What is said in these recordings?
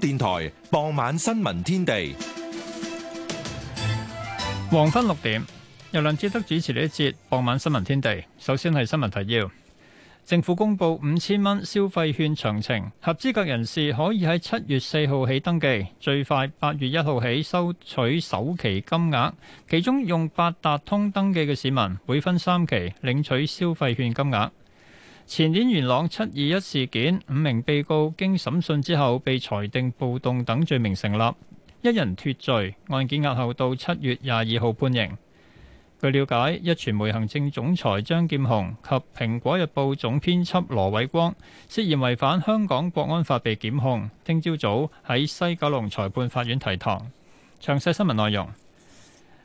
電台傍晚新聞天地，黃昏六點，由梁智德主持呢一節傍晚新聞天地。首先係新聞提要：政府公布五千蚊消費券詳情，合資格人士可以喺七月四號起登記，最快八月一號起收取首期金額。其中用八達通登記嘅市民，會分三期領取消費券金額。前年元朗七二一事件，五名被告經審訊之後被裁定暴動等罪名成立，一人脫罪，案件押後到七月廿二號判刑。據了解，一傳媒行政總裁張劍虹及《蘋果日報》總編輯羅偉光涉嫌違反香港國安法被檢控，聽朝早喺西九龍裁判法院提堂。詳細新聞內容，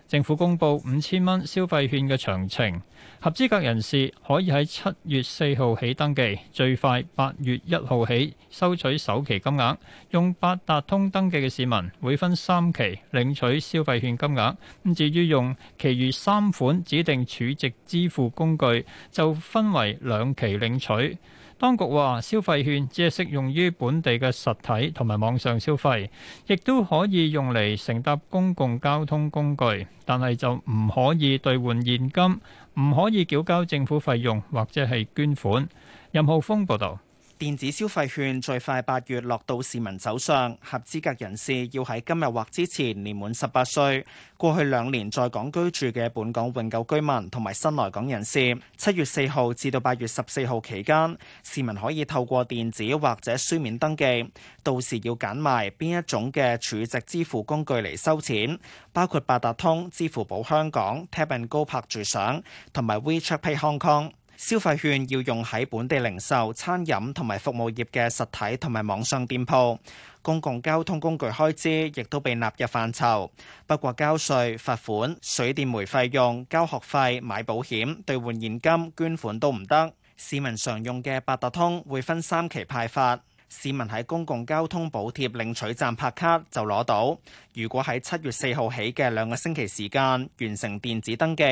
政府公布五千蚊消費券嘅詳情。合資格人士可以喺七月四號起登記，最快八月一號起收取首期金額。用八達通登記嘅市民會分三期領取消費券金額，咁至於用其餘三款指定儲值支付工具，就分為兩期領取。當局話，消費券只係適用於本地嘅實體同埋網上消費，亦都可以用嚟乘搭公共交通工具，但係就唔可以兌換現金，唔可以繳交政府費用或者係捐款。任浩峯報導。電子消費券最快八月落到市民手上，合資格人士要喺今日或之前年滿十八歲，過去兩年在港居住嘅本港永久居民同埋新來港人士。七月四號至到八月十四號期間，市民可以透過電子或者書面登記，到時要揀埋邊一種嘅儲值支付工具嚟收錢，包括八達通、支付寶香港、Tap & Go 拍住賞，同埋 WeChat Pay Hong Kong。消費券要用喺本地零售、餐飲同埋服務業嘅實體同埋網上店鋪，公共交通工具開支亦都被納入範疇。不過，交稅、罰款、水電煤費用、交學費、買保險、兌換現金、捐款都唔得。市民常用嘅八達通會分三期派發。市民喺公共交通補貼領取站拍卡就攞到，如果喺七月四號起嘅兩個星期時間完成電子登記，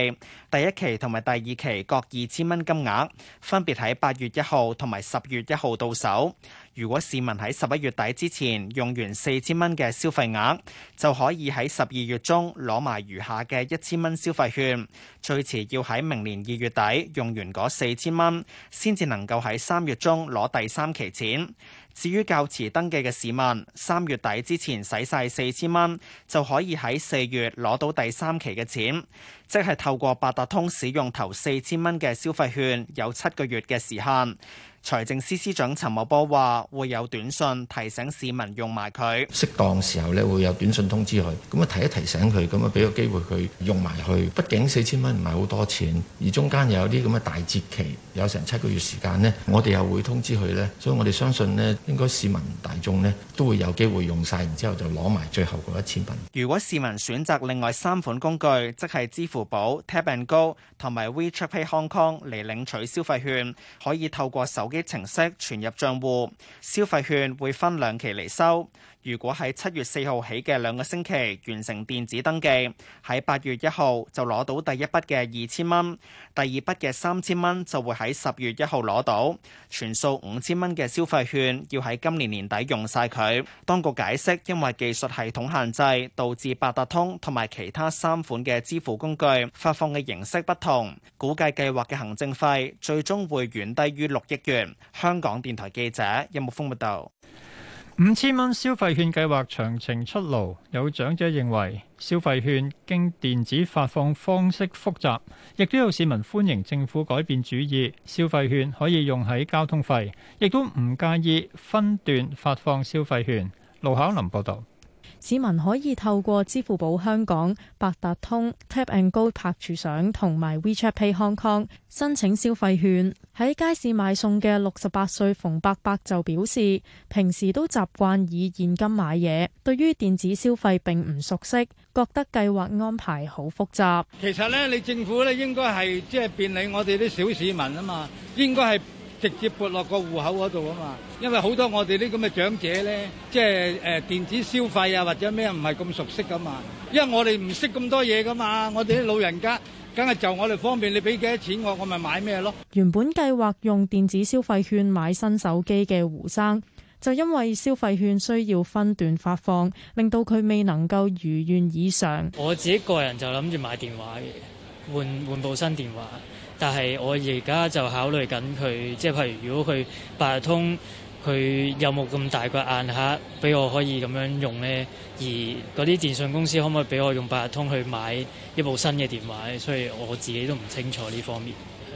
第一期同埋第二期各二千蚊金額，分別喺八月一號同埋十月一號到手。如果市民喺十一月底之前用完四千蚊嘅消費額，就可以喺十二月中攞埋餘下嘅一千蚊消費券。最遲要喺明年二月底用完嗰四千蚊，先至能夠喺三月中攞第三期錢。至於較遲登記嘅市民，三月底之前使晒四千蚊，就可以喺四月攞到第三期嘅錢，即係透過八達通使用頭四千蚊嘅消費券，有七個月嘅時限。財政司司長陳茂波話：會有短信提醒市民用埋佢，適當時候咧會有短信通知佢，咁啊提一提醒佢，咁啊俾個機會佢用埋去。畢竟四千蚊唔係好多錢，而中間又有啲咁嘅大節期，有成七個月時間呢，我哋又會通知佢咧，所以我哋相信呢應該市民大眾呢都會有機會用晒，然之後就攞埋最後嗰一千蚊。如果市民選擇另外三款工具，即係支付寶、Tap & Go 同埋 WeChat Pay Hong Kong 嚟領取消費券，可以透過手。機程式存入賬戶，消費券會分兩期嚟收。如果喺七月四號起嘅兩個星期完成電子登記，喺八月一號就攞到第一筆嘅二千蚊，第二筆嘅三千蚊就會喺十月一號攞到，全數五千蚊嘅消費券要喺今年年底用晒佢。當局解釋，因為技術系統限制，導致八達通同埋其他三款嘅支付工具發放嘅形式不同，估計計劃嘅行政費最終會遠低於六億元。香港電台記者任木峯報道。有五千蚊消費券計劃詳情出爐，有長者認為消費券經電子發放方式複雜，亦都有市民歡迎政府改變主意。消費券可以用喺交通費，亦都唔介意分段發放消費券。盧巧林報道。市民可以透過支付寶香港、八達通、Tap and Go、AT、拍住上同埋 WeChat Pay Hong Kong 申請消費券，喺街市買餸嘅六十八歲馮伯伯伯就表示，平時都習慣以現金買嘢，對於電子消費並唔熟悉，覺得計劃安排好複雜。其實呢，你政府呢應該係即係便利我哋啲小市民啊嘛，應該係。直接撥落個戶口嗰度啊嘛，因為好多我哋啲咁嘅長者咧，即係誒電子消費啊或者咩，唔係咁熟悉噶嘛，因為我哋唔識咁多嘢噶嘛，我哋啲老人家梗係就我哋方便，你俾幾多錢我，我咪買咩咯。原本計劃用電子消費券買新手機嘅胡生，就因為消費券需要分段發放，令到佢未能夠如願以償。我自己個人就諗住買電話嘅，換換部新電話。但係我而家就考慮緊佢，即係譬如如果佢八達通，佢有冇咁大個硬核俾我可以咁樣用呢？而嗰啲電信公司可唔可以俾我用八達通去買一部新嘅電話呢？所以我自己都唔清楚呢方面，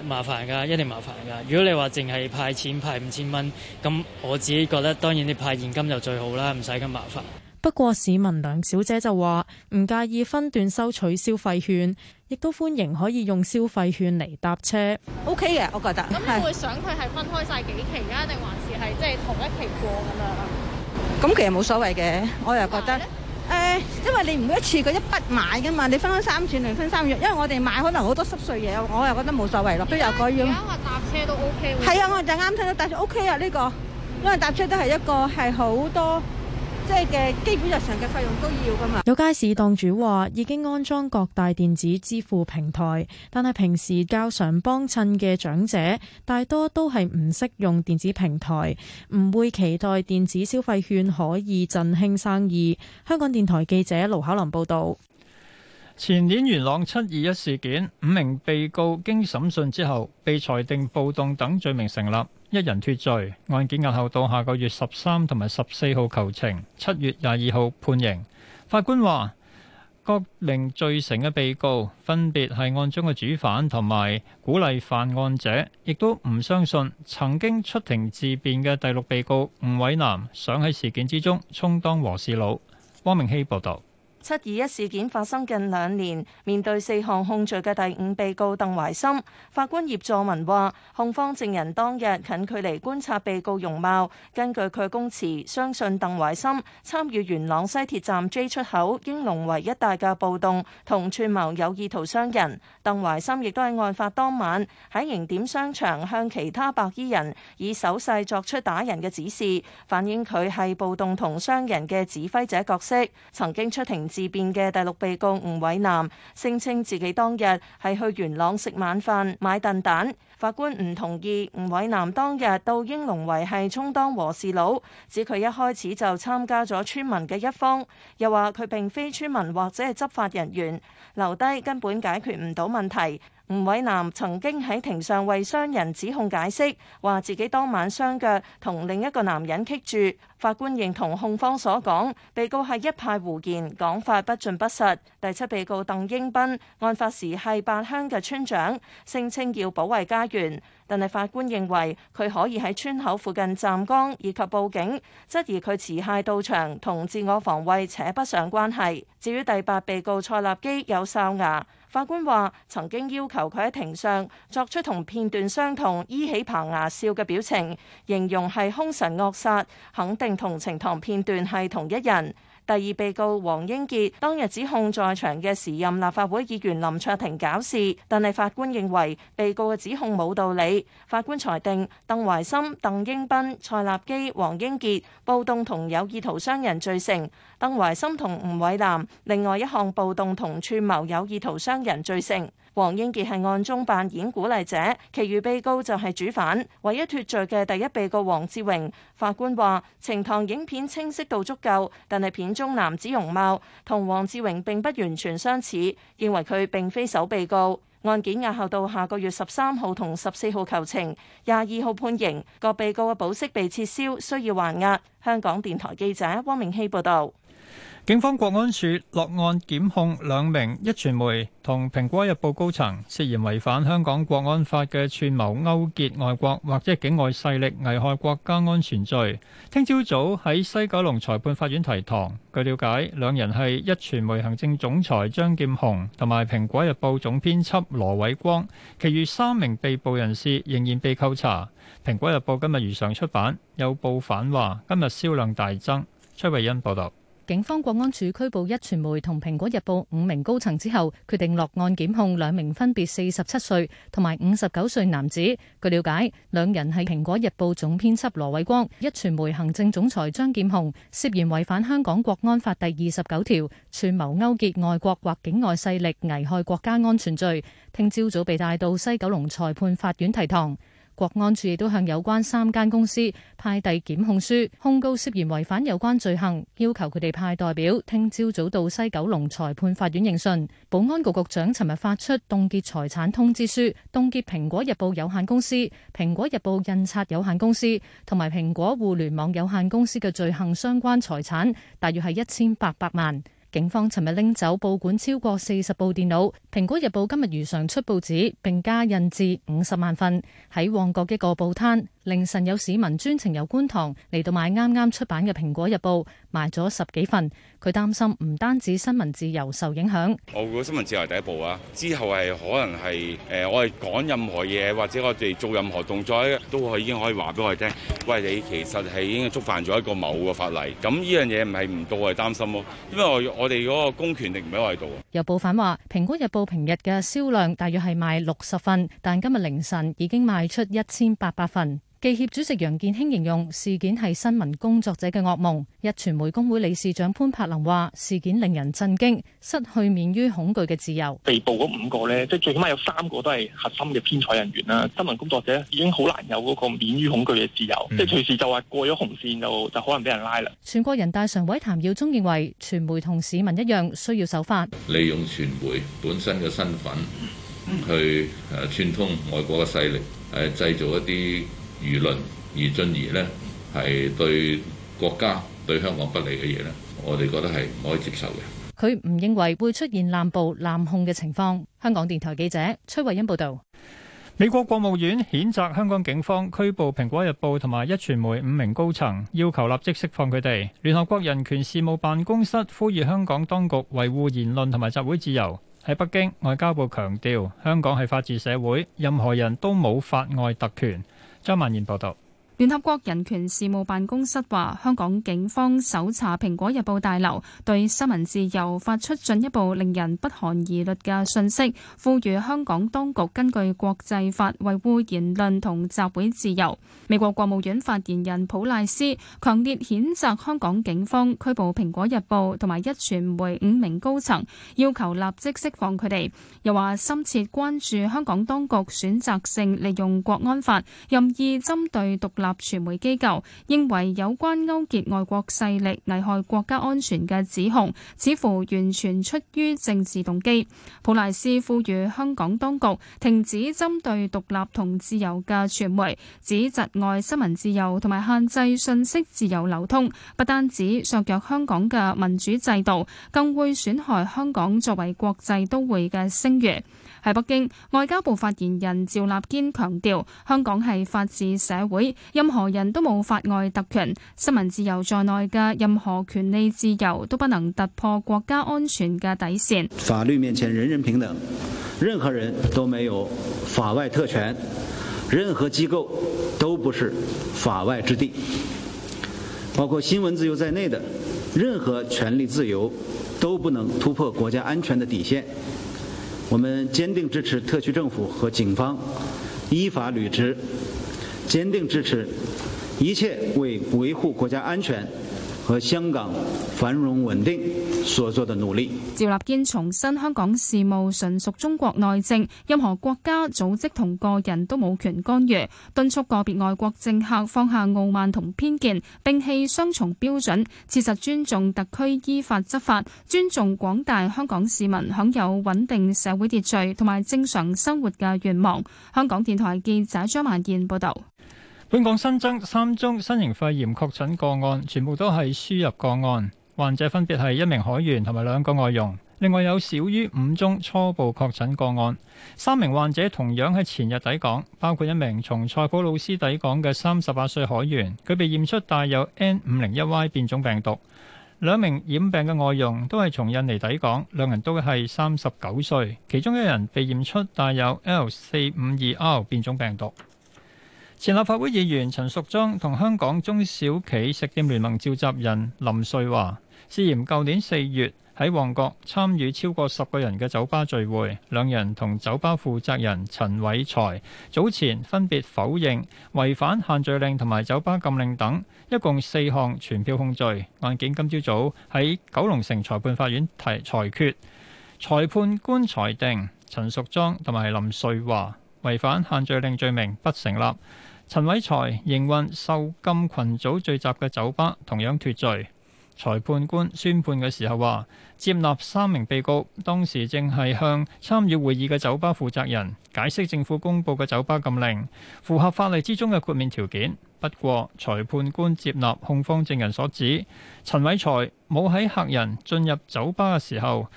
麻煩㗎，一定麻煩㗎。如果你話淨係派錢派五千蚊，咁我自己覺得當然你派現金就最好啦，唔使咁麻煩。不過市民梁小姐就話唔介意分段收取消費券，亦都歡迎可以用消費券嚟搭車。O K 嘅，我覺得。咁你會想佢係分開晒幾期啊，定還是係即係同一期過咁樣？咁其實冇所謂嘅，我又覺得。誒、呃，因為你唔會一次過一筆買噶嘛，你分開三次，你分三月。因為我哋買可能好多濕碎嘢，我又覺得冇所謂咯，都在有嗰樣。如果話搭車都 O K，係啊，我就啱聽到搭車 O K 啊呢個，因為搭車都係一個係好多。即係嘅基本日常嘅費用都要噶嘛。有街市檔主話已經安裝各大電子支付平台，但係平時較常幫襯嘅長者大多都係唔識用電子平台，唔會期待電子消費券可以振興生意。香港電台記者盧巧林報道。前年元朗七二一事件，五名被告經審訊之後被裁定暴動等罪名成立。一人脫罪，案件押後到下個月十三同埋十四號求情，七月廿二號判刑。法官話，各名罪成嘅被告分別係案中嘅主犯同埋鼓勵犯案者，亦都唔相信曾經出庭自辯嘅第六被告吳偉南想喺事件之中充當和事佬。汪明熙報道。七二一事件發生近兩年，面對四項控罪嘅第五被告鄧懷心，法官葉佐文話：控方證人當日近距離觀察被告容貌，根據佢供詞，相信鄧懷心參與元朗西鐵站 J 出口英龍圍一帶嘅暴動，同串謀有意圖傷人。鄧懷心亦都係案發當晚喺形點商場向其他白衣人以手勢作出打人嘅指示，反映佢係暴動同傷人嘅指揮者角色。曾經出庭自辯嘅第六被告吳偉南聲稱自己當日係去元朗食晚飯，買燉蛋，法官唔同意吳偉南當日到英龍圍係充當和事佬，指佢一開始就參加咗村民嘅一方，又話佢並非村民或者係執法人員，留低根本解決唔到問題。吳偉南曾經喺庭上為傷人指控解釋，話自己當晚雙腳同另一個男人棘住。法官認同控方所講，被告係一派胡言，講法不盡不實。第七被告鄧英斌，案發時係八鄉嘅村長，聲稱要保衛家園。但係，法官認為佢可以喺村口附近站崗以及報警，質疑佢持械到場同自我防衛扯不上關係。至於第八被告蔡立基有哨牙，法官話曾經要求佢喺庭上作出同片段相同依起棚牙笑嘅表情，形容係兇神惡煞，肯定同呈堂片段係同一人。第二被告黃英傑當日指控，在場嘅時任立法會議員林卓廷搞事，但係法官認為被告嘅指控冇道理。法官裁定鄧懷森、鄧英斌、蔡立基、黃英傑暴動同有意圖傷人罪成；鄧懷森同吳偉南另外一項暴動同串謀有意圖傷人罪成。黃英杰係案中扮演鼓勵者，其餘被告就係主犯。唯一脫罪嘅第一被告黃志榮，法官話：呈堂影片清晰度足夠，但係片中男子容貌同黃志榮並不完全相似，認為佢並非首被告。案件押後到下個月十三號同十四號求情，廿二號判刑。各被告嘅保釋被撤銷，需要還押。香港電台記者汪明熙報道。警方國安處落案檢控兩名壹傳媒同蘋果日報高層涉嫌違反香港國安法嘅串謀勾結外國或者境外勢力危害國家安全罪。聽朝早喺西九龍裁判法院提堂。據了解，兩人係壹傳媒行政總裁張劍虹同埋蘋果日報總編輯羅偉光。其餘三名被捕人士仍然被扣查。蘋果日報今日如常出版，有報反話今日銷量大增。崔慧欣報道。警方國安處拘捕一傳媒同蘋果日報五名高層之後，決定落案檢控兩名分別四十七歲同埋五十九歲男子。據了解，兩人係蘋果日報總編輯羅偉光、一傳媒行政總裁張劍虹，涉嫌違反香港國安法第二十九條，串謀勾結外國或境外勢力危害國家安全罪。聽朝早被帶到西九龍裁判法院提堂。國安處亦都向有關三間公司派遞檢控書，控告涉嫌違反有關罪行，要求佢哋派代表聽朝早到西九龍裁判法院應訊。保安局局長尋日發出凍結財產通知書，凍結蘋果日報有限公司、蘋果日報印刷有限公司同埋蘋果互聯網有限公司嘅罪行相關財產，大約係一千八百萬。警方尋日拎走報館超過四十部電腦。《蘋果日報》今日如常出報紙，並加印至五十萬份，喺旺角一個報攤。凌晨有市民專程由觀塘嚟到買啱啱出版嘅《蘋果日報》，賣咗十幾份。佢擔心唔單止新聞自由受影響，我估新聞自由係第一步啊。之後係可能係誒、呃，我哋講任何嘢或者我哋做任何動作，都係已經可以話俾我哋聽。喂，你其實係已經觸犯咗一個某個法例咁，呢樣嘢唔係唔到我哋擔心咯，因為我我哋嗰個公權力唔喺我哋度。有報販話，《蘋果日報》平日嘅銷量大約係賣六十份，但今日凌晨已經賣出一千八百份。記協主席楊健興形容事件係新聞工作者嘅噩夢。日傳媒工會理事長潘柏林話：事件令人震驚，失去免於恐懼嘅自由。被捕嗰五個呢，即係最起碼有三個都係核心嘅編採人員啦。新聞工作者已經好難有嗰個免於恐懼嘅自由，即係隨時就話過咗紅線就就可能俾人拉啦。全國人大常委譚耀宗認為，傳媒同市民一樣需要守法。利用傳媒本身嘅身份去誒串通外國嘅勢力，誒製造一啲。輿論而進而咧，係對國家對香港不利嘅嘢咧，我哋覺得係唔可以接受嘅。佢唔認為會出現濫捕濫控嘅情況。香港電台記者崔慧欣報道。美國國務院譴責香港警方拘捕《蘋果日報》同埋壹傳媒五名高層，要求立即釋放佢哋。聯合國人權事務辦公室呼籲香港當局維護言論同埋集會自由。喺北京，外交部強調香港係法治社會，任何人都冇法外特權。張曼然報道。聯合國人權事務辦公室話，香港警方搜查《蘋果日報》大樓，對新聞自由發出進一步令人不寒而慄嘅訊息，呼籲香港當局根據國際法維護言論同集會自由。美國國務院發言人普賴斯強烈譴責香港警方拘捕《蘋果日報》同埋一傳媒五名高層，要求立即釋放佢哋。又話深切關注香港當局選擇性利用國安法，任意針對獨立傳媒機構認為有關勾結外國勢力危害國家安全嘅指控，似乎完全出於政治動機。普萊斯呼籲香港當局停止針對獨立同自由嘅傳媒，指窒礙新聞自由同埋限制信息自由流通，不單止削弱香港嘅民主制度，更會損害香港作為國際都會嘅聲譽。喺北京，外交部發言人趙立堅強調，香港係法治社會，任何人都冇法外特權。新聞自由在內嘅任何權利自由都不能突破國家安全嘅底線。法律面前人人平等，任何人都沒有法外特權，任何機構都不是法外之地。包括新聞自由在內的任何權利自由都不能突破國家安全嘅底線。我們堅定支持特區政府和警方依法履職，堅定支持一切為維護國家安全，和香港繁榮穩定所做的努力。趙立堅重申，香港事務純屬中國內政，任何國家組織同個人都冇權干預，敦促個別外國政客放下傲慢同偏見，摒棄雙重標準，切實尊重特區依法執法，尊重廣大香港市民享有穩定社會秩序同埋正常生活嘅願望。香港電台記者張萬健報道。本港新增三宗新型肺炎確診個案，全部都係輸入個案。患者分別係一名海員同埋兩個外傭。另外有少於五宗初步確診個案。三名患者同樣喺前日抵港，包括一名從塞浦路斯抵港嘅三十八歲海員，佢被驗出帶有 N 五零一 Y 變種病毒。兩名染病嘅外傭都係從印尼抵港，兩人都係三十九歲，其中一人被驗出帶有 L 四五二 R 變種病毒。前立法會議員陳淑莊同香港中小企食店聯盟召集人林瑞華涉嫌舊年四月喺旺角參與超過十個人嘅酒吧聚會，兩人同酒吧負責人陳偉才早前分別否認違反限聚令同埋酒吧禁令等一共四項傳票控罪。案件今朝早喺九龍城裁判法院提裁決，裁判官裁定陳淑莊同埋林瑞華違反限聚令罪名不成立。陳偉財營運受禁群組聚集嘅酒吧同樣脱罪。裁判官宣判嘅時候話，接納三名被告當時正係向參與會議嘅酒吧負責人解釋政府公布嘅酒吧禁令，符合法例之中嘅豁免條件。不過，裁判官接納控方證人所指，陳偉財冇喺客人進入酒吧嘅時候。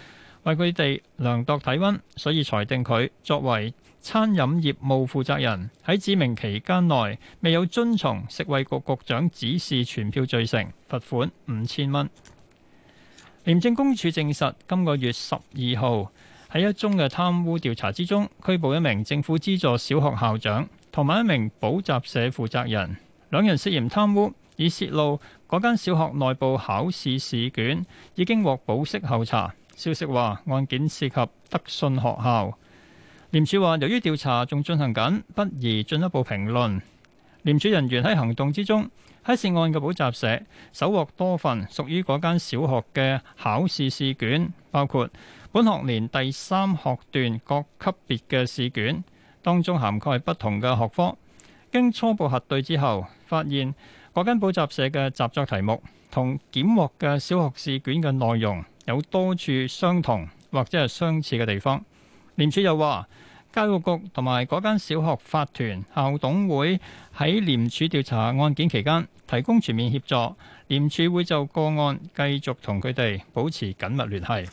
為佢哋量度體溫，所以裁定佢作為餐飲業務負責人喺指明期間內未有遵從食衛局局長指示，傳票罪成，罰款五千蚊。廉政公署證實，今個月十二號喺一宗嘅貪污調查之中，拘捕一名政府資助小學校長同埋一名補習社負責人，兩人涉嫌貪污，以泄露嗰間小學內部考試試卷，已經獲保釋候查。消息話，案件涉及德信學校。廉署話，由於調查仲進行緊，不宜進一步評論。廉署人員喺行動之中，喺涉案嘅補習社搜獲多份屬於嗰間小學嘅考試試卷，包括本學年第三學段各級別嘅試卷，當中涵蓋不同嘅學科。經初步核對之後，發現嗰間補習社嘅習作題目同檢獲嘅小學試卷嘅內容有多處相同或者係相似嘅地方。廉署又話，教育局同埋嗰間小學法團校董會喺廉署調查案件期間提供全面協助，廉署會就個案繼續同佢哋保持緊密聯繫。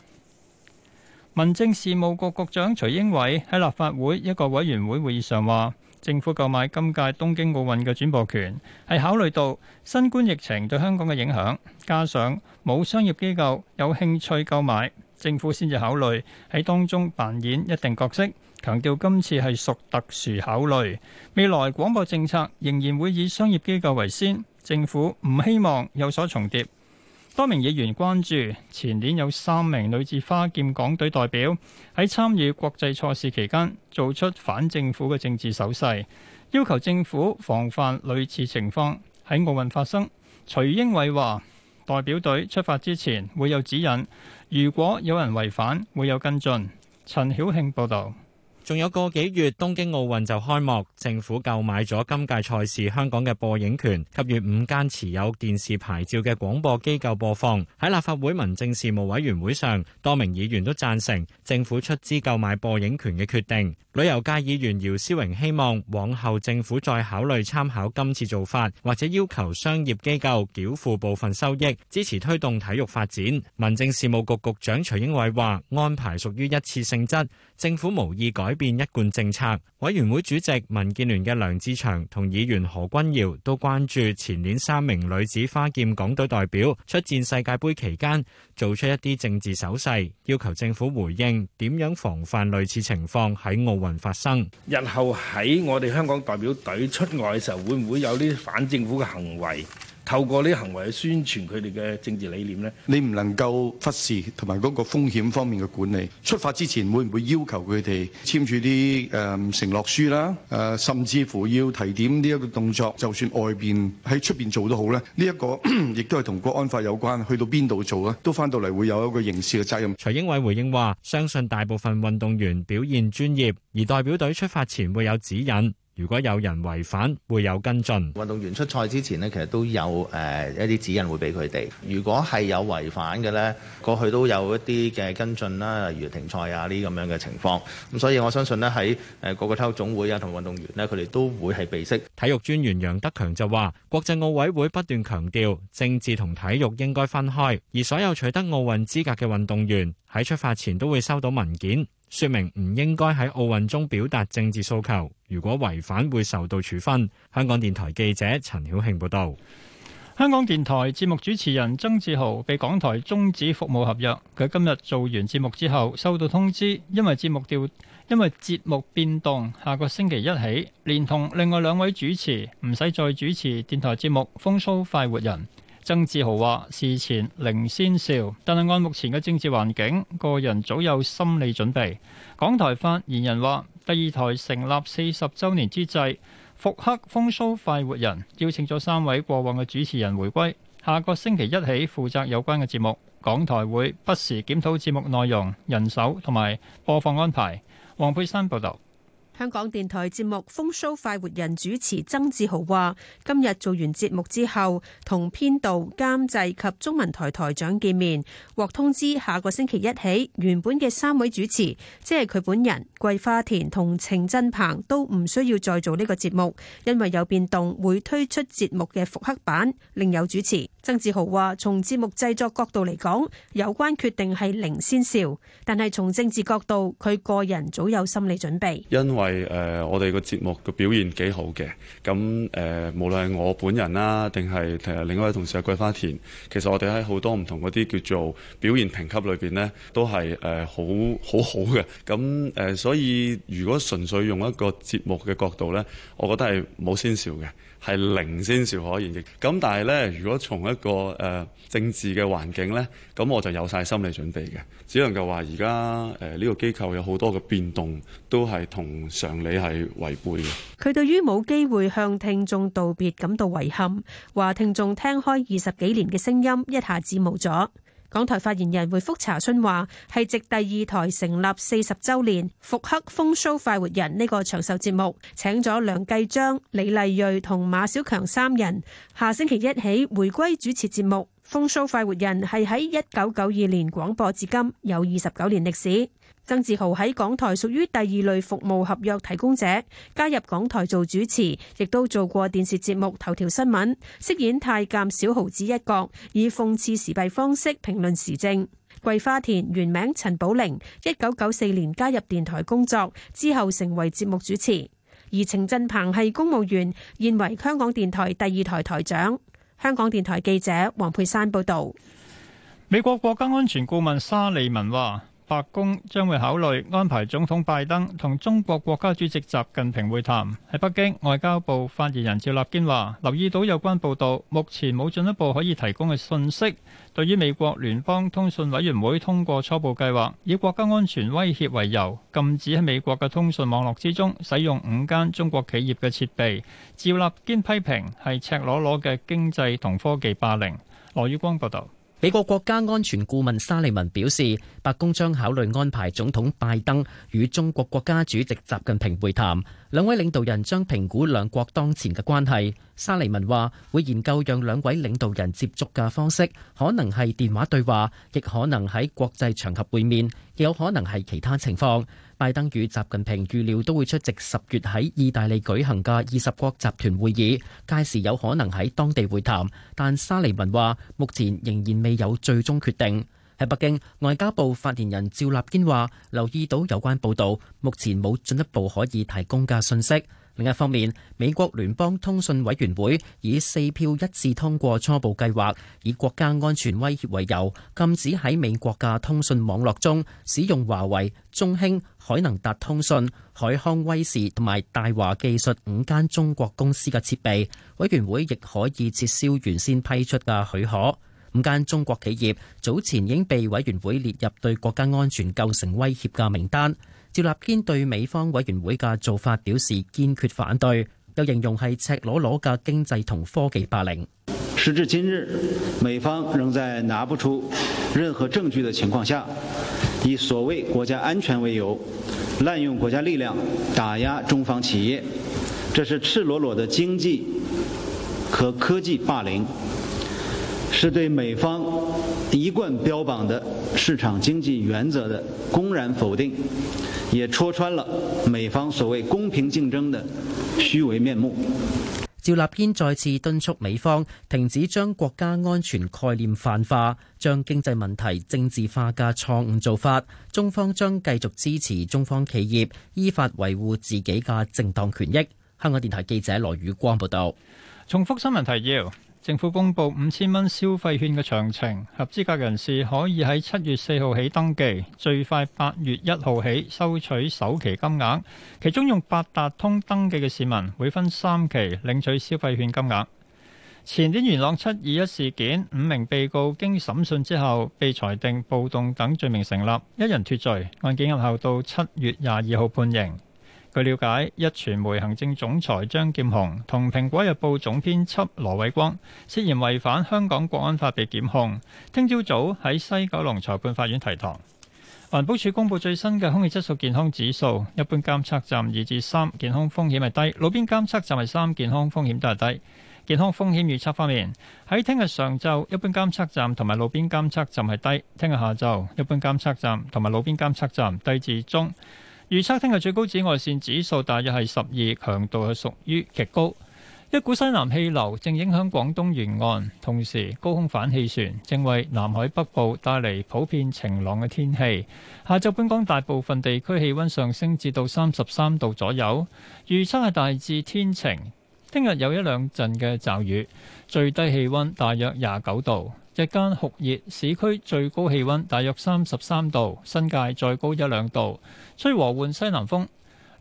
民政事務局局長徐英偉喺立法會一個委員會會議上話。政府購買今屆東京奧運嘅轉播權，係考慮到新冠疫情對香港嘅影響，加上冇商業機構有興趣購買，政府先至考慮喺當中扮演一定角色，強調今次係屬特殊考慮。未來廣播政策仍然會以商業機構為先，政府唔希望有所重疊。多名議員關注前年有三名女子花劍港隊代表喺參與國際賽事期間做出反政府嘅政治手勢，要求政府防範類似情況。喺奧運發生，徐英偉話：代表隊出發之前會有指引，如果有人違反會有跟進。陳曉慶報導。仲有個幾月，東京奧運就開幕，政府購買咗今屆賽事香港嘅播映權，給予五間持有電視牌照嘅廣播機構播放。喺立法會民政事務委員會上，多名議員都贊成政府出資購買播映權嘅決定。旅遊界議員姚思榮希望往後政府再考慮參考今次做法，或者要求商業機構繳付部分收益，支持推動體育發展。民政事務局局、局長徐英偉話：安排屬於一次性質。政府無意改變一貫政策。委員會主席民建聯嘅梁志祥同議員何君堯都關注前年三名女子花劍港隊代表出戰世界盃期間做出一啲政治手勢，要求政府回應點樣防範類似情況喺奧運發生。日後喺我哋香港代表隊出外嘅時候，會唔會有啲反政府嘅行為？透過呢行為去宣傳佢哋嘅政治理念咧，你唔能夠忽視同埋嗰個風險方面嘅管理。出發之前會唔會要求佢哋簽署啲誒、嗯、承諾書啦？誒、啊，甚至乎要提點呢一個動作，就算外邊喺出邊做好、這個、 都好咧。呢一個亦都係同國安法有關，去到邊度做咧，都翻到嚟會有一個刑事嘅責任。徐英偉回應話：相信大部分運動員表現專業，而代表隊出發前會有指引。如果有人違反，會有跟進。運動員出賽之前呢，其實都有誒、呃、一啲指引會俾佢哋。如果係有違反嘅呢，過去都有一啲嘅跟進啦，例如停賽啊呢咁樣嘅情況。咁所以我相信呢，喺誒個個體育總會啊同運動員呢，佢哋都會係備悉。體育專員楊德強就話：國際奧委會不斷強調政治同體育應該分開，而所有取得奧運資格嘅運動員喺出發前都會收到文件。說明唔應該喺奧運中表達政治訴求，如果違反會受到處分。香港電台記者陳曉慶報道，香港電台節目主持人曾志豪被港台終止服務合約。佢今日做完節目之後，收到通知，因為節目調，因為節目變動，下個星期一起，連同另外兩位主持唔使再主持電台節目《風騷快活人》。曾志豪話：事前零先兆，但係按目前嘅政治環境，個人早有心理準備。港台發言人話：第二台成立四十週年之際，復刻風騷快活人，邀請咗三位過往嘅主持人回歸。下個星期一起負責有關嘅節目，港台會不時檢討節目內容、人手同埋播放安排。黃佩珊報導。香港電台節目《風騷快活人》主持曾志豪話：今日做完節目之後，同編導、監製及中文台台長見面，獲通知下個星期一起，原本嘅三位主持，即係佢本人、桂花田同程振鵬，都唔需要再做呢個節目，因為有變動，會推出節目嘅復刻版。另有主持曾志豪話：從節目製作角度嚟講，有關決定係零先兆，但係從政治角度，佢個人早有心理準備，因為。係誒、呃，我哋個節目嘅表現幾好嘅，咁誒、呃，無論係我本人啦，定係誒另外一位同事係桂花田，其實我哋喺好多唔同嗰啲叫做表現評級裏邊咧，都係誒、呃、好、好好好嘅，咁誒、呃，所以如果純粹用一個節目嘅角度咧，我覺得係冇先兆嘅。係零先兆可言嘅，咁但係咧，如果從一個誒、呃、政治嘅環境咧，咁我就有晒心理準備嘅，只能夠話而家誒呢、呃這個機構有好多嘅變動，都係同常理係違背嘅。佢對於冇機會向聽眾道別感到遺憾，話聽眾聽開二十幾年嘅聲音，一下子冇咗。港台發言人回覆查詢話：係值第二台成立四十周年，復刻《風騷快活人》呢個長壽節目，請咗梁繼章、李麗蕊同馬小強三人下星期一起回歸主持節目。《風騷快活人》係喺一九九二年廣播至今，有二十九年歷史。曾志豪喺港台屬於第二類服務合約提供者，加入港台做主持，亦都做過電視節目頭條新聞，飾演太監小豪子一角，以諷刺時弊方式評論時政。桂花田原名陳寶玲，一九九四年加入電台工作之後，成為節目主持。而程振鵬係公務員，現為香港電台第二台台長。香港電台記者黃佩珊報道。美國國家安，安全顧問沙利文話白宮將會考慮安排總統拜登同中國國家主席習近平會談。喺北京，外交部發言人趙立堅話：留意到有關報道，目前冇進一步可以提供嘅信息。對於美國聯邦通訊委員會通過初步計劃，以國家安全威脅為由禁止喺美國嘅通訊網絡之中使用五間中國企業嘅設備，趙立堅批評係赤裸裸嘅經濟同科技霸凌。羅宇光報道。美國國家安全顧問沙利文表示，白宮將考慮安排總統拜登與中國國家主席習近平會談，兩位領導人將評估兩國當前嘅關係。沙利文話，會研究讓兩位領導人接觸嘅方式，可能係電話對話，亦可能喺國際場合會面，亦有可能係其他情況。拜登與習近平預料都會出席十月喺意大利舉行嘅二十國集團會議，屆時有可能喺當地會談。但沙利文話，目前仍然未有最終決定。喺北京，外交部發言人趙立堅話，留意到有關報導，目前冇進一步可以提供嘅信息。另一方面，美國聯邦通訊委員會以四票一致通過初步計劃，以國家安全威脅為由，禁止喺美國嘅通訊網絡中使用華為、中興、海能達通訊、海康威視同埋大華技術五間中國公司嘅設備。委員會亦可以撤銷原先批出嘅許可。五間中國企業早前已經被委員會列入對國家安全構成威脅嘅名單。趙立堅對美方委員會嘅做法表示堅決反對，又形容係赤裸裸嘅經濟同科技霸凌。時至今日，美方仍在拿不出任何證據的情況下，以所謂國家安全為由，濫用國家力量打壓中方企業，這是赤裸裸的經濟和科技霸凌，是對美方一貫標榜的市場經濟原則的公然否定。也戳穿了美方所謂公平競爭的虛偽面目。趙立堅再次敦促美方停止將國家安全概念泛化、將經濟問題政治化嘅錯誤做法。中方將繼續支持中方企業依法維護自己嘅正當權益。香港電台記者羅宇光報道。重複新聞提要。政府公布五千蚊消費券嘅詳情，合資格人士可以喺七月四號起登記，最快八月一號起收取首期金額。其中用八達通登記嘅市民會分三期領取消費券金額。前年元朗七二一事件，五名被告經審訊之後被裁定暴動等罪名成立，一人脫罪。案件押後到七月廿二號判刑。據了解，一傳媒行政總裁張劍虹同《蘋果日報》總編輯羅偉光涉嫌違反香港國安法被檢控，聽朝早喺西九龍裁判法院提堂。環保署公布最新嘅空氣質素健康指數，一般監測站二至三，健康風險係低；路邊監測站係三，健康風險都係低。健康風險預測方面，喺聽日上晝，一般監測站同埋路邊監測站係低；聽日下晝，一般監測站同埋路邊監測站低至中。預測聽日最高紫外線指數大約係十二，強度係屬於極高。一股西南氣流正影響廣東沿岸，同時高空反氣旋正為南海北部帶嚟普遍晴朗嘅天氣。下晝本港大部分地區氣温上升至到三十三度左右，預測係大致天晴。聽日有一兩陣嘅驟雨，最低氣温大約廿九度。日間酷熱，市區最高氣溫大約三十三度，新界再高一兩度，吹和緩西南風，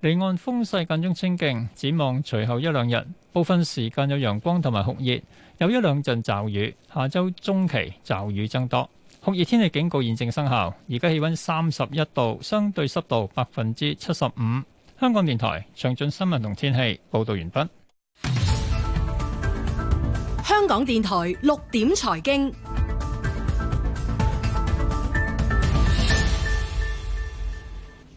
離岸風勢間中清勁。展望隨後一兩日，部分時間有陽光同埋酷熱，有一兩陣驟雨，下周中期驟雨增多。酷熱天氣警告現正生效，而家氣溫三十一度，相對濕度百分之七十五。香港電台詳盡新聞同天氣報道完畢。香港電台六點財經。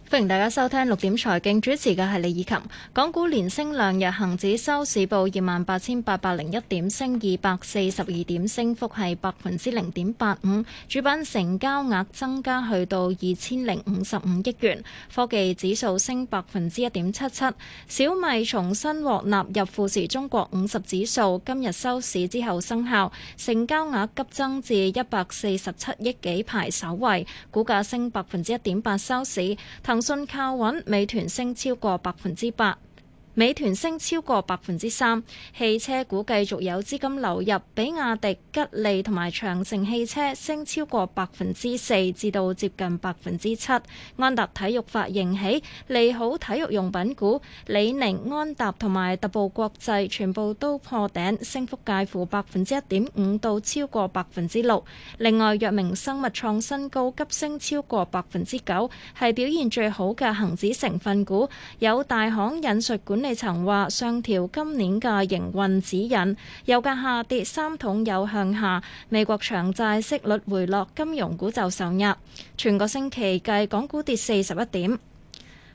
歡迎大家收聽六點財經，主持嘅係李以琴。港股連升兩日，恒指收市報二萬八千八百零一點，升二百四十二點，升幅係百分之零點八五。主板成交額增加去到二千零五十五億元，科技指數升百分之一點七七。小米重新獲納入富時中國五十指數，今日收市之後生效，成交額急增至一百四十七億幾排首位，股價升百分之一點八收市。騰信靠穩美團，升超過百分之八。美團升超過百分之三，汽車股繼續有資金流入，比亞迪、吉利同埋長城汽車升超過百分之四，至到接近百分之七。安踏體育發盈喜，利好體育用品股，李寧、安踏同埋特步國際全部都破頂，升幅介乎百分之一點五到超過百分之六。另外，藥明生物創新高，急升超過百分之九，係表現最好嘅恒指成分股，有大行引述管。曾話上調今年嘅營運指引，油價下跌，三桶油向下，美國長債息率回落，金融股就受壓。全個星期計，港股跌四十一點。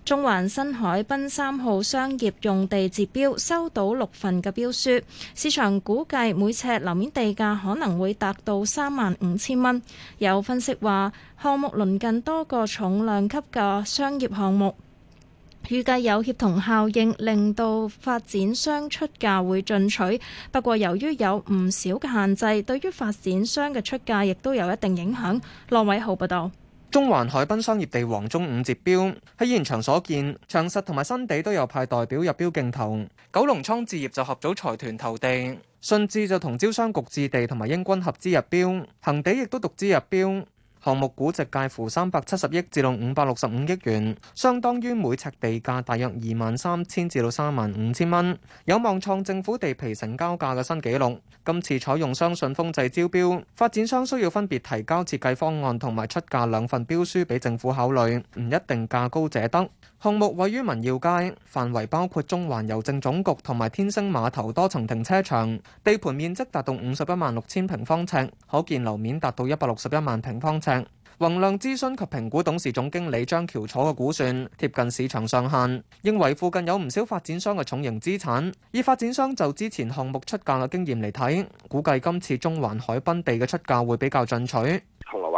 中環新海濱三號商業用地截標，收到六份嘅標書，市場估計每尺樓面地價可能會達到三萬五千蚊。有分析話，項目鄰近多個重量級嘅商業項目。預計有協同效應，令到發展商出價會進取。不過，由於有唔少嘅限制，對於發展商嘅出價亦都有一定影響。羅偉浩報道，中環海濱商業地王中午截標。喺現場所見，長實同埋新地都有派代表入標競投。九龍倉置業就合組財團投地，順治就同招商局置地同埋英軍合資入標，恒地亦都獨資入標。項目估值介乎三百七十億至到五百六十五億元，相當於每尺地價大約二萬三千至到三萬五千蚊，有望創政府地皮成交價嘅新紀錄。今次採用雙信封制招標，發展商需要分別提交設計方案同埋出價兩份標書俾政府考慮，唔一定價高者得。項目位於民耀街，範圍包括中環郵政總局同埋天星碼頭多層停車場，地盤面積達到五十一萬六千平方尺，可建樓面達到一百六十一萬平方尺。宏亮諮詢及評估董事總經理張橋楚嘅估算貼近市場上限，認為附近有唔少發展商嘅重型資產。以發展商就之前項目出價嘅經驗嚟睇，估計今次中環海濱地嘅出價會比較進取。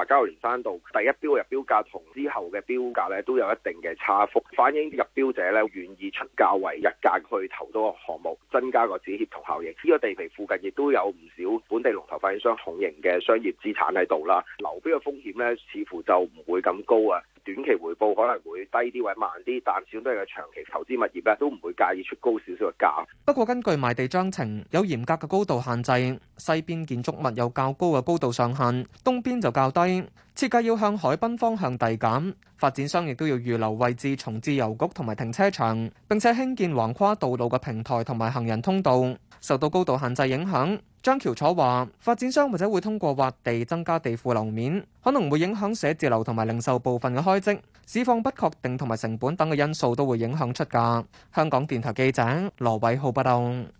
加路連山道第一標入標價同之後嘅標價咧都有一定嘅差幅，反映入標者咧願意出價為日家去投多個項目增加個子協同效應。呢個地皮附近亦都有唔少本地龍頭發展商統營嘅商業資產喺度啦，流標嘅風險咧似乎就唔會咁高啊。短期回報可能會低啲或者慢啲，但始終都係長期投資物業咧都唔會介意出高少少嘅價。不過根據賣地章程，有嚴格嘅高度限制，西邊建築物有較高嘅高度上限，東邊就較低。設計要向海濱方向遞減，發展商亦都要預留位置，重置郵局同埋停車場，並且興建橫跨道路嘅平台同埋行人通道。受到高度限制影響，張橋楚話發展商或者會通過挖地增加地庫樓面，可能會影響寫字樓同埋零售部分嘅開則。市況不確定同埋成本等嘅因素都會影響出價。香港電台記者羅偉浩報道。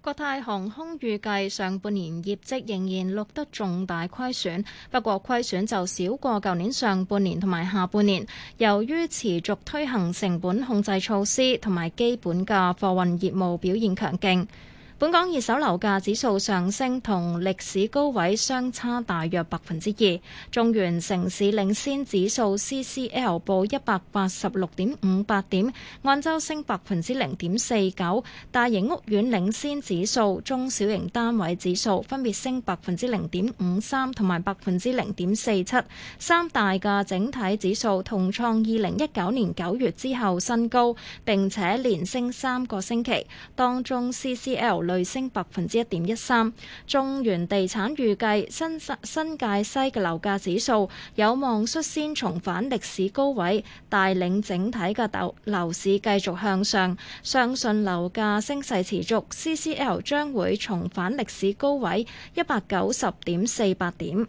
國泰航空預計上半年業績仍然錄得重大虧損，不過虧損就少過舊年上半年同埋下半年。由於持續推行成本控制措施，同埋基本嘅貨運業務表現強勁。本港二手樓價指數上升，同歷史高位相差大約百分之二。中原城市領先指數 CCL 報一百八十六點五八點，按周升百分之零點四九。大型屋苑領先指數，中小型單位指數分別升百分之零點五三同埋百分之零點四七。三大嘅整體指數同創二零一九年九月之後新高，並且連升三個星期。當中 CCL，累升百分之一點一三，S 1. 3 中原地產預計新新界西嘅樓價指數有望率先重返歷史高位，帶領整體嘅樓樓市繼續向上，相信樓價升勢持續，CCL 將會重返歷史高位一百九十點四八點。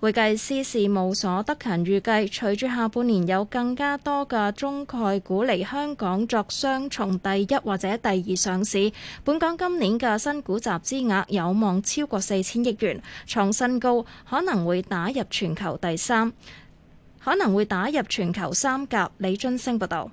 會計師事務所德勤預計，隨住下半年有更加多嘅中概股嚟香港作雙重第一或者第二上市，本港今年嘅新股集資額有望超過四千億元，創新高，可能會打入全球第三，可能會打入全球三甲。李津升報道。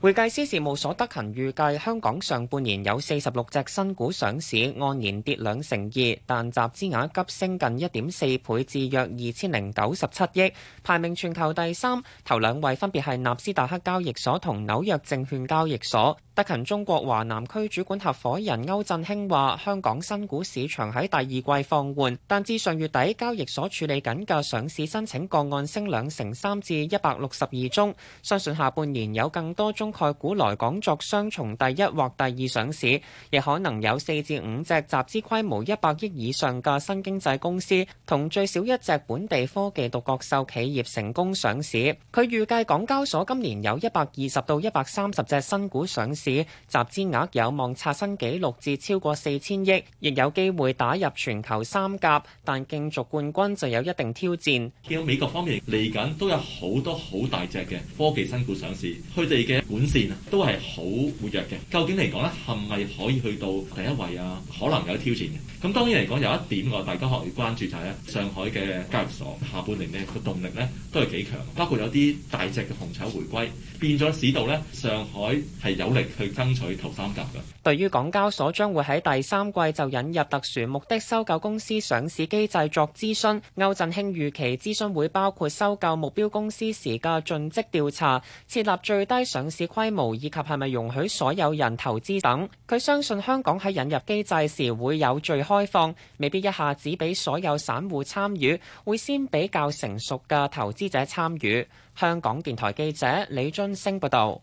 會計師事務所德勤預計，香港上半年有四十六隻新股上市，按年跌兩成二，但集資額急升近一點四倍，至約二千零九十七億，排名全球第三，頭兩位分別係納斯達克交易所同紐約證券交易所。德勤中國華南區主管合夥人歐振興話：香港新股市場喺第二季放緩，但至上月底交易所處理緊嘅上市申請個案升兩成三至一百六十二宗。相信下半年有更多中概股來港作雙重第一或第二上市，亦可能有四至五隻集資規模一百億以上嘅新經濟公司同最少一隻本地科技獨角獸企業成功上市。佢預計港交所今年有一百二十到一百三十隻新股上市。集資額有望刷新紀錄至超過四千億，亦有機會打入全球三甲，但競逐冠軍就有一定挑戰。見到美國方面嚟緊都有好多好大隻嘅科技新股上市，佢哋嘅管線啊都係好活躍嘅。究竟嚟講呢係咪可以去到第一位啊？可能有挑戰嘅。咁當然嚟講有一點我大家可以關注就係咧，上海嘅交易所下半年呢個動力呢都係幾強，包括有啲大隻嘅紅籌回歸，變咗市道呢上海係有力，去爭取頭三甲嘅。對於港交所將會喺第三季就引入特殊目的收購公司上市機制作諮詢。歐振興預期諮詢會包括收購目標公司時嘅盡職調查、設立最低上市規模以及係咪容許所有人投資等。佢相信香港喺引入機制時會有序開放，未必一下子俾所有散戶參與，會先比較成熟嘅投資者參與。香港電台記者李津星報道。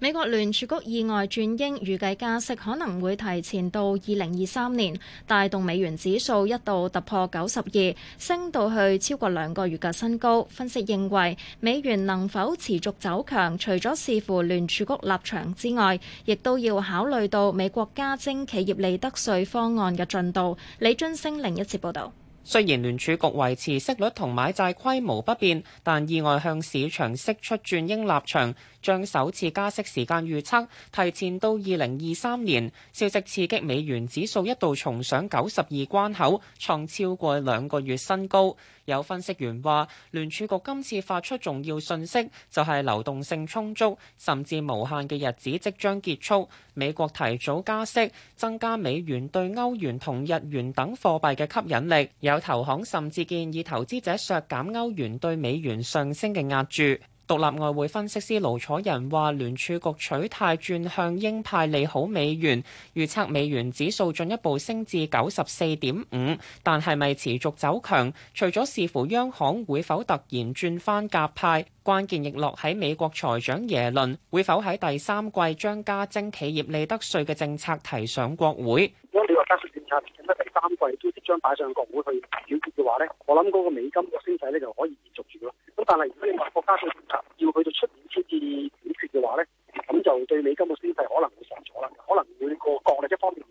美國聯儲局意外轉鷹，預計加息可能會提前到二零二三年，帶動美元指數一度突破九十二，升到去超過兩個月嘅新高。分析認為，美元能否持續走強，除咗視乎聯儲局立場之外，亦都要考慮到美國加徵企業利得稅方案嘅進度。李津升另一次報導，雖然聯儲局維持息率同買債規模不變，但意外向市場釋出轉鷹立場。將首次加息時間預測提前到二零二三年，消息刺激美元指數一度重上九十二關口，創超過兩個月新高。有分析員話，聯儲局今次發出重要訊息，就係流動性充足，甚至無限嘅日子即將結束。美國提早加息，增加美元對歐元同日元等貨幣嘅吸引力。有投行甚至建議投資者削減歐元對美元上升嘅壓注。獨立外匯分析師盧楚仁話：聯儲局取態轉向鷹派利好美元，預測美元指數進一步升至九十四點五。但係咪持續走強，除咗視乎央行會否突然轉翻鴿派，關鍵亦落喺美國財長耶倫會否喺第三季將加徵企業利得稅嘅政策提上國會。嗯嗯嗯嗯差，如果第三季都即將擺上國會去表決嘅話咧，我諗嗰個美金嘅升勢咧就可以延續住咯。咁但係如果你話國家嘅政策要佢到出年先至表決嘅話咧，咁就對美金嘅升勢可能會上咗啦，可能會過國力一方面。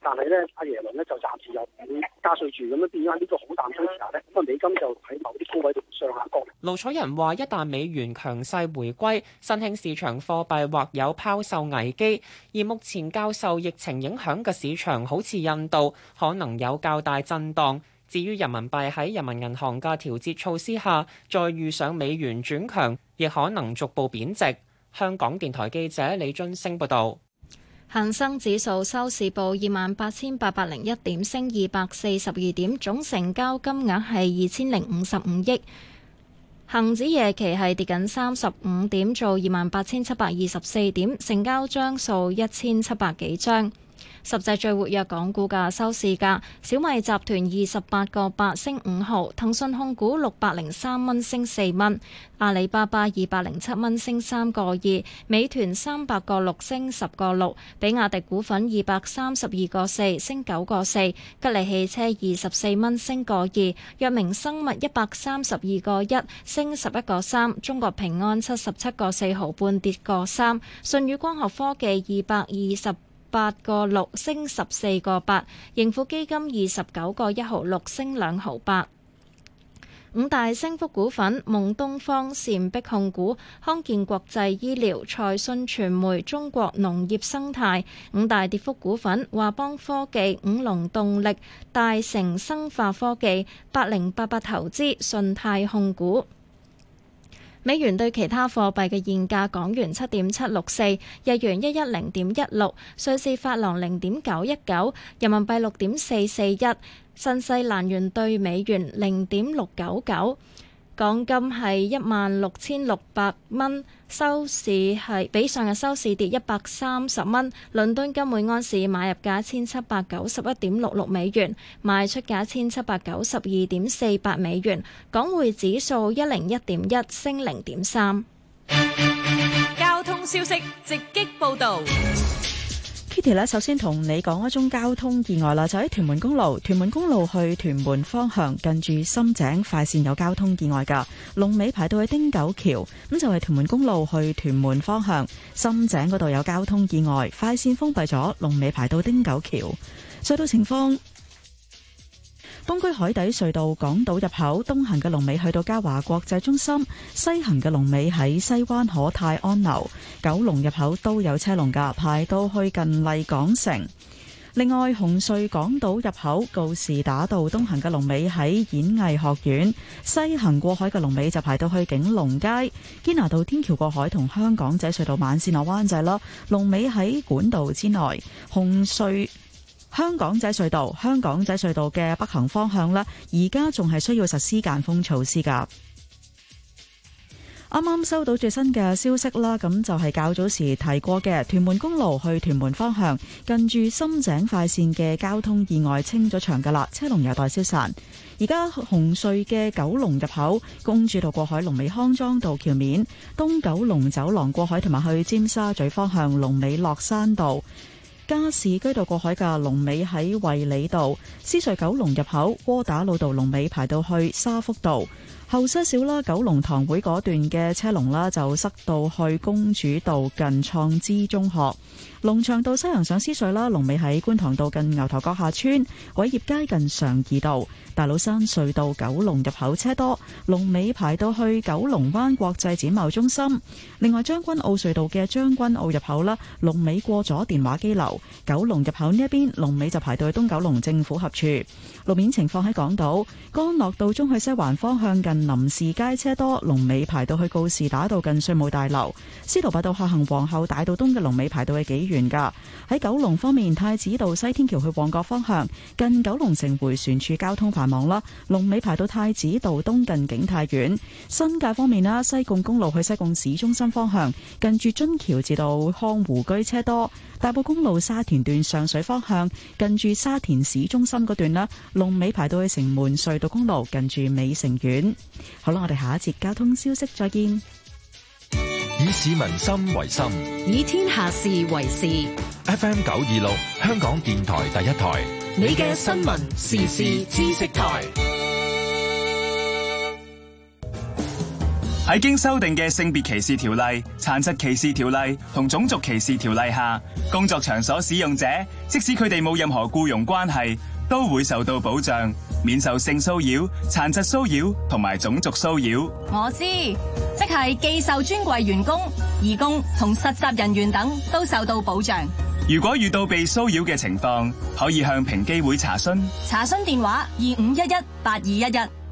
但係咧，阿耶倫呢就暫時有唔會加稅，住咁樣變咗呢個好擔心嘅但係呢，咁啊美金就喺某啲高位度上下降。盧彩人話：一旦美元強勢回歸，新興市場貨幣或有拋售危機；而目前較受疫情影響嘅市場，好似印度，可能有較大震盪。至於人民幣喺人民銀行嘅調節措施下，再遇上美元轉強，亦可能逐步貶值。香港電台記者李津升報道。恒生指數收市報二萬八千八百零一點，升二百四十二點，總成交金額係二千零五十五億。恒指夜期係跌緊三十五點，做二萬八千七百二十四點，成交張數一千七百幾張。十隻最活躍港股嘅收市價：小米集團二十八個八升五毫，騰訊控股六百零三蚊升四蚊，阿里巴巴二百零七蚊升三個二，美團三百個六升十個六，比亞迪股份二百三十二個四升九個四，吉利汽車二十四蚊升個二，藥明生物一百三十二個一升十一個三，中國平安七十七個四毫半跌個三，舜宇光學科技二百二十。八個六升十四個八，盈富基金二十九個一毫六升兩毫八。五大升幅股份：夢東方、善必控股、康健國際醫療、財訊傳媒、中國農業生態。五大跌幅股份：華邦科技、五龍動力、大成生化科技、八零八八投資、信泰控股。美元對其他貨幣嘅現價：港元七點七六四，日元一一零點一六，瑞士法郎零點九一九，人民幣六點四四一，新西蘭元兌美元零點六九九。港金係一萬六千六百蚊，收市係比上日收市跌一百三十蚊。倫敦金每安士買入價一千七百九十一點六六美元，賣出價一千七百九十二點四八美元。港匯指數一零一點一，升零點三。交通消息直擊報導。Kitty 咧，首先同你講一宗交通意外啦，就喺屯門公路，屯門公路去屯門方向，近住深井快綫有交通意外噶，龍尾排到去汀九橋，咁就係屯門公路去屯門方向，深井嗰度有交通意外，快綫封閉咗，龍尾排到汀九橋。隧道情況。東區海底隧道港島入口東行嘅龍尾去到嘉華國際中心，西行嘅龍尾喺西灣河泰安樓。九龍入口都有車龍噶，排到去近麗港城。另外，紅隧港島入口告士打道東行嘅龍尾喺演藝學院，西行過海嘅龍尾就排到去景隆街。堅拿道天橋過海同香港仔隧道慢線落灣仔咯，龍尾喺管道之內。紅隧香港仔隧道，香港仔隧道嘅北行方向啦，而家仲係需要實施間封措施噶。啱啱收到最新嘅消息啦，咁就係較早時提過嘅，屯門公路去屯門方向，近住深井快線嘅交通意外清咗場噶啦，車龍有待消散。而家紅隧嘅九龍入口，公主道過海，龍尾康莊道橋面，東九龍走廊過海同埋去尖沙咀方向，龍尾落山道。加士居道過海嘅龍尾喺衞理道，獅隧九龍入口窩打老道龍尾排到去沙福道，後些少啦，九龍塘會嗰段嘅車龍啦就塞到去公主道近創知中學。龍翔道西行上獅隧啦，龍尾喺觀塘道近牛頭角下村；偉業街近常怡道，大老山隧道九龍入口，車多，龍尾排到去九龍灣國際展貿中心。另外將軍澳隧道嘅將軍澳入口啦，龍尾過咗電話機樓，九龍入口呢一邊龍尾就排到去東九龍政府合署。路面情況喺港島，干諾道中去西環方向近林士街車多，龍尾排到去告士打道近稅務大樓；司徒拔道下行皇后大道東嘅龍尾排到去幾遠。.嘅喺九龍方面，太子道西天橋去旺角方向，近九龍城回旋處交通繁忙啦，龍尾排到太子道東近景泰苑。新界方面啦，西貢公路去西貢市中心方向，近住津橋至到康湖居車多。大埔公路沙田段上水方向，近住沙田市中心嗰段啦，龍尾排到去城門隧道公路，近住美城苑。好啦，我哋下一節交通消息再見。以市民心為心，以天下事為事。FM 九二六，香港電台第一台，你嘅新聞時事知識台。喺 經修訂嘅性別歧視條例、殘疾歧視條例同種族歧視條例下，工作場所使用者，即使佢哋冇任何僱傭關係，都會受到保障。免受性騷擾、殘疾騷擾同埋種族騷擾，我知，即係寄售專櫃員工、義工同實習人員等都受到保障。如果遇到被騷擾嘅情況，可以向平機會查詢。查詢電話：二五一一八二一一。